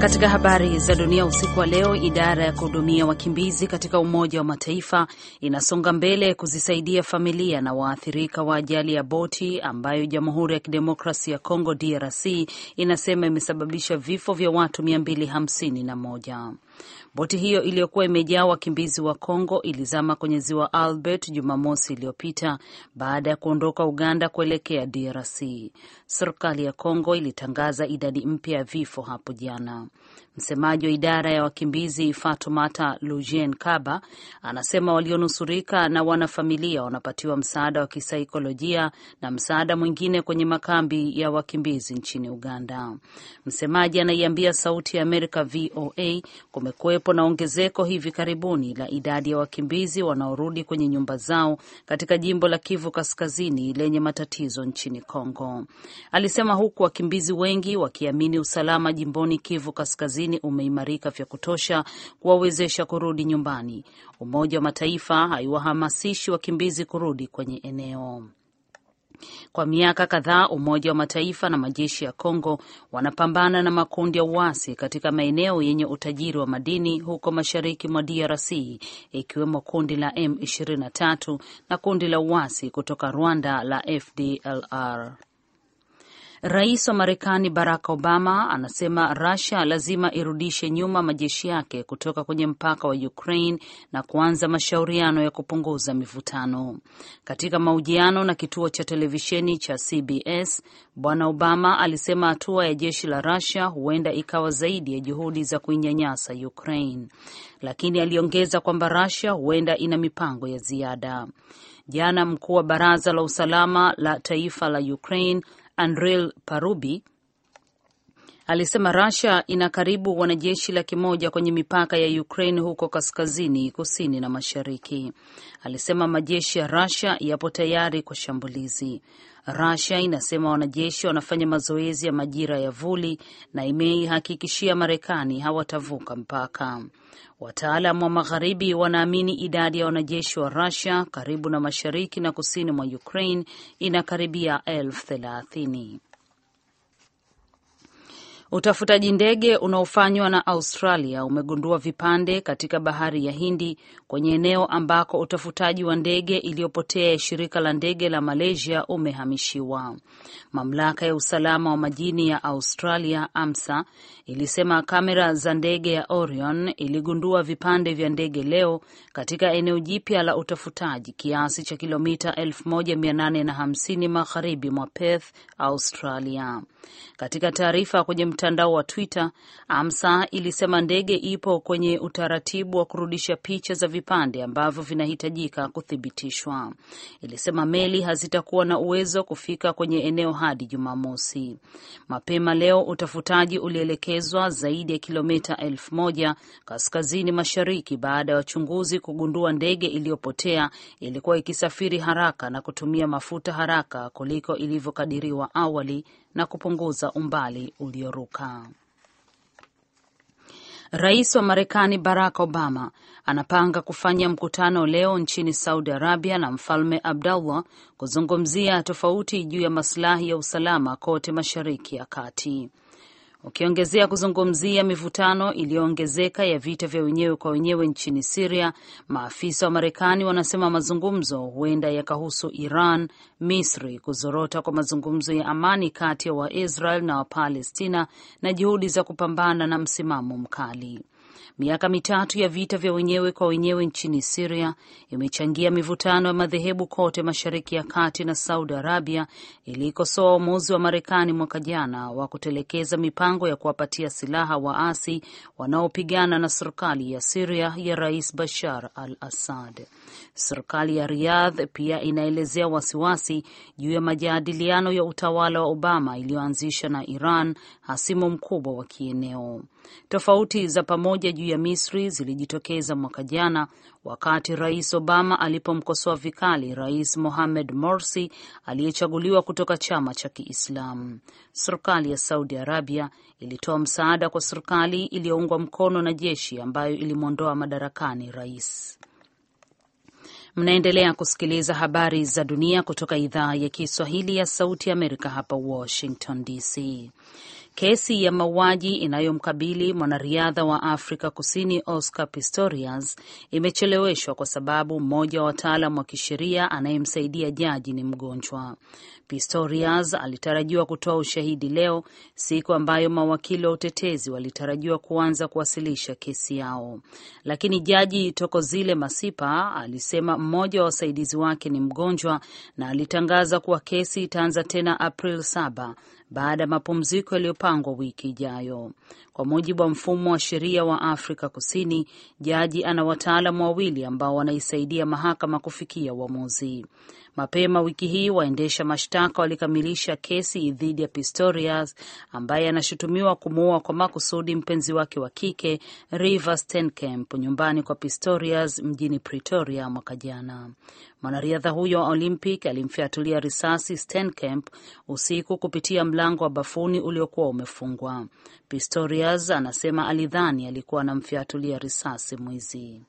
Katika habari za dunia usiku wa leo, idara ya kuhudumia wakimbizi katika Umoja wa Mataifa inasonga mbele kuzisaidia familia na waathirika wa ajali ya boti ambayo Jamhuri ya Kidemokrasi ya Kongo DRC inasema imesababisha vifo vya watu 251. Boti hiyo iliyokuwa imejaa wakimbizi wa Kongo ilizama kwenye ziwa Albert Jumamosi iliyopita baada ya kuondoka Uganda kuelekea DRC. Serikali ya Kongo ilitangaza idadi mpya ya vifo hapo jana. Msemaji wa idara ya wakimbizi Fatumata Lujen Kaba anasema walionusurika na wanafamilia wanapatiwa msaada wa kisaikolojia na msaada mwingine kwenye makambi ya wakimbizi nchini Uganda. Msemaji anaiambia Sauti ya Amerika VOA kumekuwepo na ongezeko hivi karibuni la idadi ya wakimbizi wanaorudi kwenye nyumba zao katika jimbo la Kivu Kaskazini lenye matatizo nchini congo alisema, huku wakimbizi wengi wakiamini usalama jimboni Kivu Kaskazini umeimarika vya kutosha kuwawezesha kurudi nyumbani. Umoja wa Mataifa haiwahamasishi wakimbizi kurudi kwenye eneo kwa miaka kadhaa, Umoja wa Mataifa na majeshi ya Kongo wanapambana na makundi ya uasi katika maeneo yenye utajiri wa madini huko mashariki mwa DRC, ikiwemo kundi la M23 na kundi la uasi kutoka Rwanda la FDLR. Rais wa Marekani Barack Obama anasema Russia lazima irudishe nyuma majeshi yake kutoka kwenye mpaka wa Ukraine na kuanza mashauriano ya kupunguza mivutano. Katika mahojiano na kituo cha televisheni cha CBS, Bwana Obama alisema hatua ya jeshi la Russia huenda ikawa zaidi ya juhudi za kuinyanyasa Ukraine, lakini aliongeza kwamba Russia huenda ina mipango ya ziada. Jana mkuu wa baraza la usalama la taifa la Ukraine and Rail Parubi alisema Russia ina karibu wanajeshi laki moja kwenye mipaka ya Ukraine huko kaskazini, kusini na mashariki. Alisema majeshi ya Russia yapo tayari kwa shambulizi. Russia inasema wanajeshi wanafanya mazoezi ya majira ya vuli na imeihakikishia Marekani hawatavuka mpaka. Wataalam wa magharibi wanaamini idadi ya wanajeshi wa Russia karibu na mashariki na kusini mwa Ukraine inakaribia elfu thelathini. Utafutaji ndege unaofanywa na Australia umegundua vipande katika bahari ya Hindi kwenye eneo ambako utafutaji wa ndege iliyopotea ya shirika la ndege la Malaysia umehamishiwa. Mamlaka ya usalama wa majini ya Australia AMSA ilisema kamera za ndege ya Orion iligundua vipande vya ndege leo katika eneo jipya la utafutaji kiasi cha kilomita 1850 magharibi mwa Perth, Australia. Katika taarifa kwenye mtandao wa Twitter, AMSA ilisema ndege ipo kwenye utaratibu wa kurudisha picha za vipande ambavyo vinahitajika kuthibitishwa. Ilisema meli hazitakuwa na uwezo kufika kwenye eneo hadi Jumamosi. Mapema leo utafutaji ulielekezwa zaidi ya kilomita elfu moja kaskazini mashariki baada ya wachunguzi kugundua ndege iliyopotea ilikuwa ikisafiri haraka na kutumia mafuta haraka kuliko ilivyokadiriwa awali na kupunguza umbali ulioruka kuanguka. Rais wa Marekani Barack Obama anapanga kufanya mkutano leo nchini Saudi Arabia na Mfalme Abdullah kuzungumzia tofauti juu ya masilahi ya usalama kote Mashariki ya Kati ukiongezea kuzungumzia mivutano iliyoongezeka ya vita vya wenyewe kwa wenyewe nchini Siria. Maafisa wa Marekani wanasema mazungumzo huenda yakahusu Iran, Misri, kuzorota kwa mazungumzo ya amani kati ya Waisrael na Wapalestina na juhudi za kupambana na msimamo mkali. Miaka mitatu ya vita vya wenyewe kwa wenyewe nchini Siria imechangia mivutano ya madhehebu kote Mashariki ya Kati, na Saudi Arabia ilikosoa uamuzi wa Marekani mwaka jana wa kutelekeza mipango ya kuwapatia silaha waasi wanaopigana na serikali ya Siria ya Rais Bashar al Assad. Serikali ya Riyadh pia inaelezea wasiwasi juu ya majadiliano ya utawala wa Obama iliyoanzishwa na Iran, hasimu mkubwa wa kieneo. Tofauti za pamoja juu ya Misri zilijitokeza mwaka jana wakati Rais Obama alipomkosoa vikali Rais Mohamed Morsi aliyechaguliwa kutoka chama cha Kiislamu. Serikali ya Saudi Arabia ilitoa msaada kwa serikali iliyoungwa mkono na jeshi ambayo ilimwondoa madarakani rais. Mnaendelea kusikiliza habari za dunia kutoka idhaa ya Kiswahili ya Sauti ya Amerika hapa Washington DC. Kesi ya mauaji inayomkabili mwanariadha wa Afrika Kusini Oscar Pistorius imecheleweshwa kwa sababu mmoja wa wataalam wa kisheria anayemsaidia jaji ni mgonjwa. Pistorius alitarajiwa kutoa ushahidi leo, siku ambayo mawakili wa utetezi walitarajiwa kuanza kuwasilisha kesi yao, lakini jaji tokozile Masipa alisema mmoja wa wasaidizi wake ni mgonjwa na alitangaza kuwa kesi itaanza tena April saba baada ya mapumziko yaliyopangwa wiki ijayo. Kwa mujibu wa mfumo wa sheria wa Afrika Kusini, jaji ana wataalamu wawili ambao wanaisaidia mahakama kufikia uamuzi. Mapema wiki hii waendesha mashtaka walikamilisha kesi dhidi ya Pistorius ambaye anashutumiwa kumuua kwa makusudi mpenzi wake wa kike Reeva Steenkamp nyumbani kwa Pistorius mjini Pretoria mwaka jana. Mwanariadha huyo wa Olympic alimfyatulia risasi Steenkamp usiku kupitia mlango wa bafuni uliokuwa umefungwa. Pistorius anasema alidhani alikuwa anamfyatulia risasi mwizi.